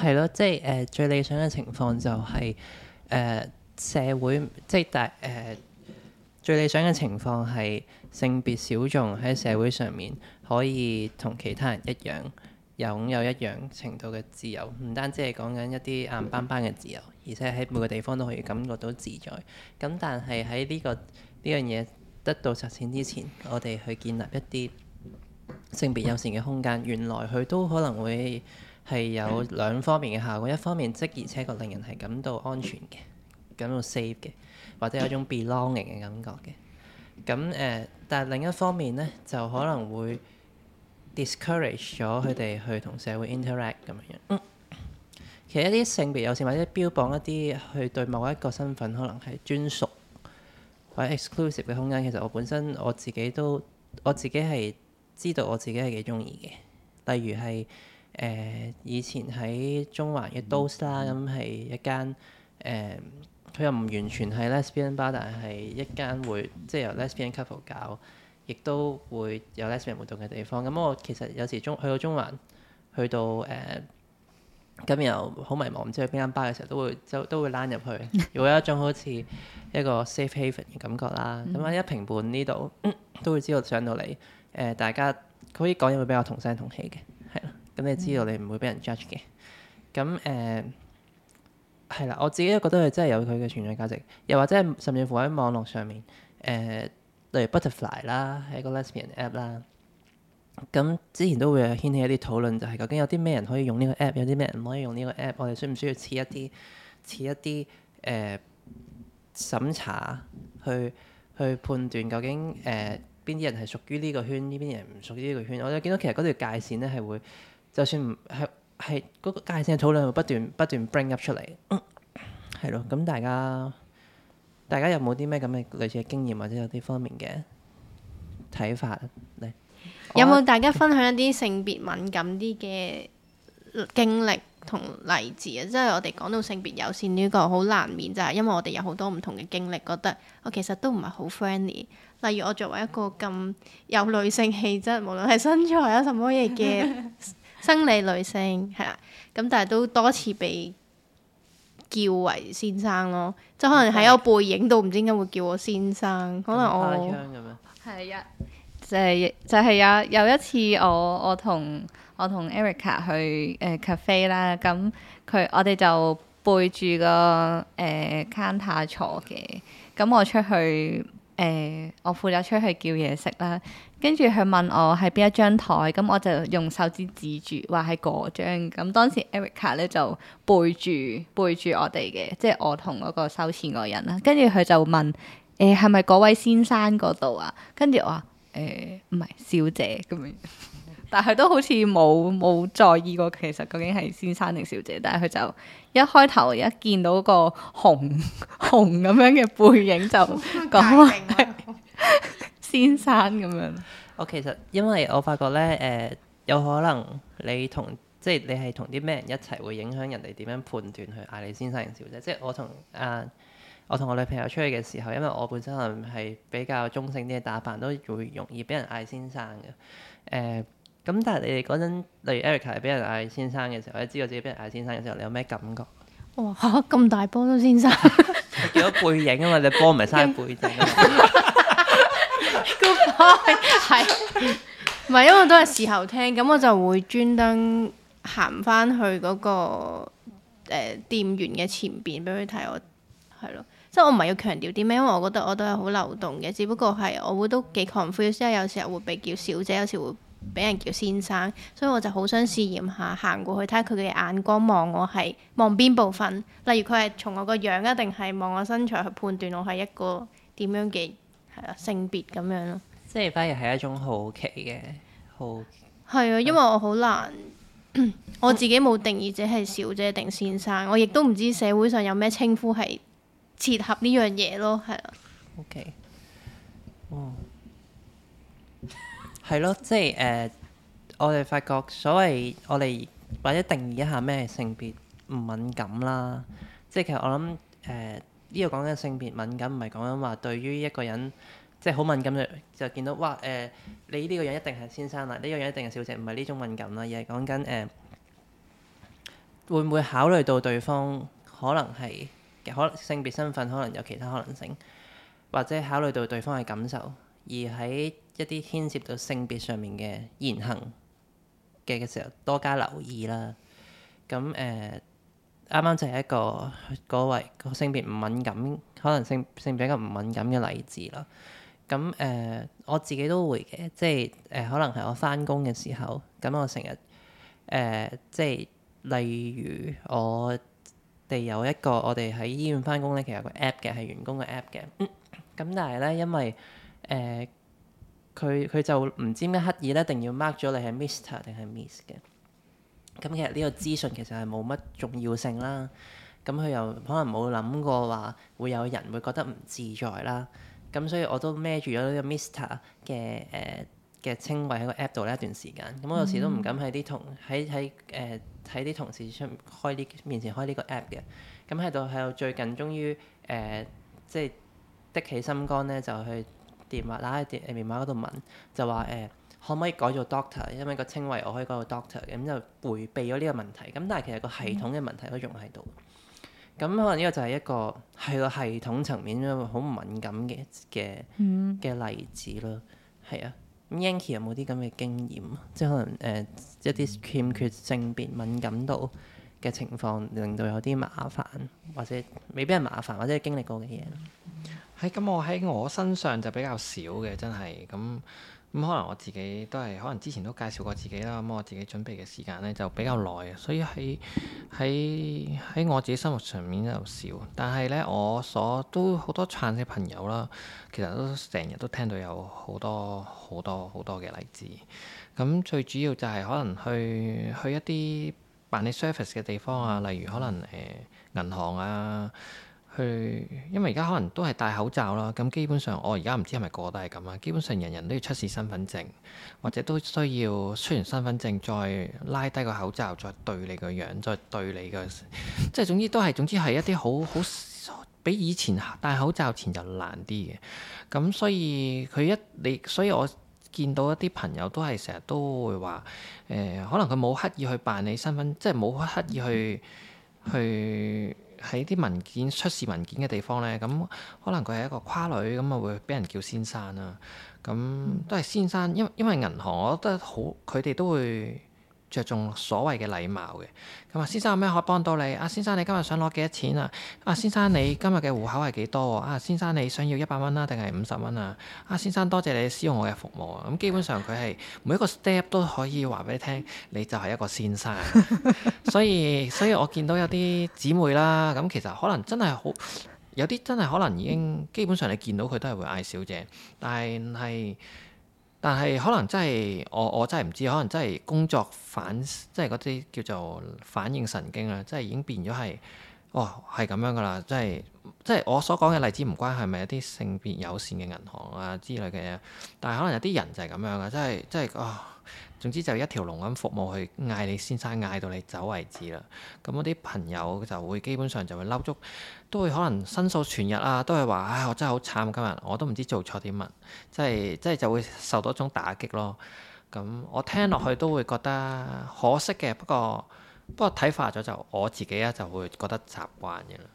係咯，即係誒、呃、最理想嘅情況就係、是、誒、呃、社會，即係大誒最理想嘅情況係性別小眾喺社會上面可以同其他人一樣，擁有，有一樣程度嘅自由，唔單止係講緊一啲硬梆梆嘅自由，而且喺每個地方都可以感覺到自在。咁但係喺呢個呢樣嘢得到實踐之前，我哋去建立一啲性別友善嘅空間，原來佢都可能會。係有兩方面嘅效果，一方面即而且確令人係感到安全嘅， 感到 safe 嘅，或者有一種 belonging 嘅感覺嘅。咁誒、呃，但係另一方面咧，就可能會 discourage 咗佢哋去同社會 interact 咁樣，嗯。其實一啲性別有時或者標榜一啲去對某一個身份可能係專屬或者 exclusive 嘅空間。其實我本身我自己都我自己係知道我自己係幾中意嘅，例如係。誒、呃、以前喺中環嘅 Doors 啦，咁係、嗯、一間誒，佢、呃、又唔完全係 Lesbian bar，但係一間會即係由 Lesbian couple 搞，亦都會有 Lesbian 活動嘅地方。咁我其實有時中去到中環，去到誒，咁又好迷茫，唔知去邊間 bar 嘅時候，都會都都會躝入去，有一種好似一個 safe haven 嘅感覺啦。咁、嗯嗯、一評判呢度都會知道上到嚟誒、呃，大家可以講嘢會比較同聲同氣嘅。咁你知道你唔會俾人 judge 嘅。咁誒係啦，我自己都覺得佢真係有佢嘅存在價值，又或者係甚至乎喺網絡上面，誒、呃、例如 Butterfly 啦，係一個 Lesbian app 啦。咁之前都會掀起一啲討論，就係、是、究竟有啲咩人可以用呢個 app，有啲咩人唔可以用呢個 app？我哋需唔需要設一啲設一啲誒、呃、審查去去判斷究竟誒邊啲人係屬於呢個圈，呢邊啲人唔屬於呢個圈？我就見到其實嗰條界線咧係會。就算唔係係嗰個界線嘅討論會，不斷不斷 bring up 出嚟，係 咯。咁大家大家有冇啲咩咁嘅類似嘅經驗或者有啲方面嘅睇法嚟？有冇大家分享一啲性別敏感啲嘅經歷同例子啊？ 即係我哋講到性別友善呢個好難免就係因為我哋有好多唔同嘅經歷，覺得我其實都唔係好 friendly。例如我作為一個咁有女性氣質，無論係身材啊什麼嘢嘅。生理女性係啊，咁但係都多次被叫為先生咯，即係可能喺我背影度唔知點解會叫我先生，嗯、可能我係啊，就係、係、就係、係、有有一次我我同我同 Erica 去誒、呃、cafe 啦，咁佢我哋就背住個誒、呃、counter 坐嘅，咁我出去。誒、欸，我負責出去叫嘢食啦，跟住佢問我係邊一張台，咁我就用手指指住，話係嗰張。咁當時 Erica 咧就背住背住我哋嘅，即係我同嗰個收錢個人啦。跟住佢就問誒，係咪嗰位先生嗰度啊？跟住我話誒，唔係小姐咁樣。但係都好似冇冇在意過，其實究竟係先生定小姐？但係佢就一開頭一見到個紅紅咁樣嘅背影就講 先生咁樣。我其實因為我發覺呢，誒、呃、有可能你同即係你係同啲咩人一齊，會影響人哋點樣判斷去嗌你先生定小姐？即係我同啊、呃、我同我女朋友出去嘅時候，因為我本身係比較中性啲嘅打扮，都會容易俾人嗌先生嘅誒。呃咁但係你哋嗰陣，例如 Erica 係俾人嗌先生嘅時候，或者知道自己俾人嗌先生嘅時候，你有咩感覺？哇！嚇、啊、咁大波都先生，叫 咗 背影啊嘛，你波唔係生喺背影。 Good boy，係，唔 係是 因為都係時候聽，咁我就會專登行翻去嗰、那個誒、呃、店員嘅前邊俾佢睇，我係咯，即係我唔係要強調啲咩，因為我覺得我都係好流動嘅，只不過係我會都幾 confuse 即係有時候會俾叫小姐，有時會。俾人叫先生，所以我就好想試驗下行過去睇下佢嘅眼光望我係望邊部分，例如佢係從我個樣啊，定係望我身材去判斷我係一個點樣嘅係啊性別咁樣咯。即係反而係一種好奇嘅好奇，係啊，因為我好難 我自己冇定義，自己係小姐定先生，我亦都唔知社會上有咩稱呼係切合呢樣嘢咯，係啊。O Okay . K，哦 係咯，即係誒、呃，我哋發覺所謂我哋或者定義一下咩性別唔敏感啦，即係其實我諗誒，呢個講緊性別敏感唔係講緊話對於一個人即係好敏感就見到哇誒、呃，你呢個人一定係先生啦，呢、呢個人一定係小姐，唔係呢種敏感啦，而係講緊誒，會唔會考慮到對方可能係可能性別身份可能有其他可能性，或者考慮到對方嘅感受，而喺一啲牽涉到性別上面嘅言行嘅嘅時候，多加留意啦。咁誒，啱、呃、啱就係一個嗰位、嗰個、性別唔敏感，可能性性別比較唔敏感嘅例子啦。咁誒、呃，我自己都會嘅，即係誒、呃，可能係我翻工嘅時候，咁我成日誒，即係例如我哋有一個我哋喺醫院翻工咧，其實有個 app 嘅係員工嘅 app 嘅。咁、嗯、但係咧，因為誒。呃佢佢就唔知咩刻意咧，一定要 mark 咗你係 Mr 定係 Miss 嘅。咁其實呢個資訊其實係冇乜重要性啦。咁佢又可能冇諗過話會有人會覺得唔自在啦。咁所以我都孭住咗呢個 Mr 嘅誒嘅、呃、稱謂喺個 App 度呢一段時間。咁我有時都唔敢喺啲同喺喺誒喺啲同事出開呢面前開呢個 App 嘅。咁喺度喺度最近終於誒、呃、即係的起心肝咧，就去。電話打喺電電話嗰度問，就話誒、呃、可唔可以改做 doctor，因為個稱謂我可以改做 doctor 嘅，咁就迴避咗呢個問題。咁但係其實個系統嘅問題都仲喺度。咁、嗯、可能呢個就係一個係個系統層面好敏感嘅嘅嘅例子咯。係啊，咁、嗯、Yanki 有冇啲咁嘅經驗即係可能誒、呃、一啲欠缺性別敏感度嘅情況，令到有啲麻煩，或者未必係麻煩，或者係經歷過嘅嘢？嗯喺咁、哎、我喺我身上就比較少嘅，真係咁咁可能我自己都係可能之前都介紹過自己啦。咁我自己準備嘅時間咧就比較耐，所以喺喺喺我自己生活上面就少。但係咧我所都好多撐嘅朋友啦，其實都成日都聽到有好多好多好多嘅例子。咁最主要就係可能去去一啲辦理 service 嘅地方啊，例如可能誒銀、呃、行啊。去，因為而家可能都係戴口罩啦，咁基本上我而家唔知係咪個個都係咁啊，基本上人人都要出示身份證，或者都需要出完身份證再拉低個口罩，再對你個樣，再對你個，即係總之都係總之係一啲好好比以前戴口罩前就難啲嘅，咁所以佢一你，所以我見到一啲朋友都係成日都會話，誒、呃、可能佢冇刻意去辦理身份，即係冇刻意去去。喺啲文件出示文件嘅地方咧，咁可能佢係一個跨女，咁啊會俾人叫先生啦、啊。咁都係先生，因為因為銀行，我覺得好，佢哋都會。着重所謂嘅禮貌嘅，咁啊先生有咩可以幫到你？啊先生你今日想攞幾多錢啊？啊先生你今日嘅戶口係幾多？啊先生你想要一百蚊啦，定係五十蚊啊？啊先生多謝你使用我嘅服務啊！咁基本上佢係每一個 step 都可以話俾你聽，你就係一個先生， 所以所以我見到有啲姊妹啦，咁其實可能真係好有啲真係可能已經基本上你見到佢都係會嗌小姐，但係係。但係可能真係我我真係唔知，可能真係工作反，即係嗰啲叫做反應神經啦，即係已經變咗係。哦，係咁樣噶啦，即係即係我所講嘅例子唔關係咪一啲性別友善嘅銀行啊之類嘅嘢，但係可能有啲人就係咁樣嘅，即係即係啊、哦，總之就一條龍咁服務去嗌你先生嗌到你走為止啦。咁嗰啲朋友就會基本上就會嬲足，都會可能申訴全日啊，都係話唉，我真係好慘。今日我都唔知做錯啲乜，即係即係就會受到一種打擊咯。咁我聽落去都會覺得可惜嘅，不過，不過睇化咗就我自己咧就會覺得習慣嘅啦。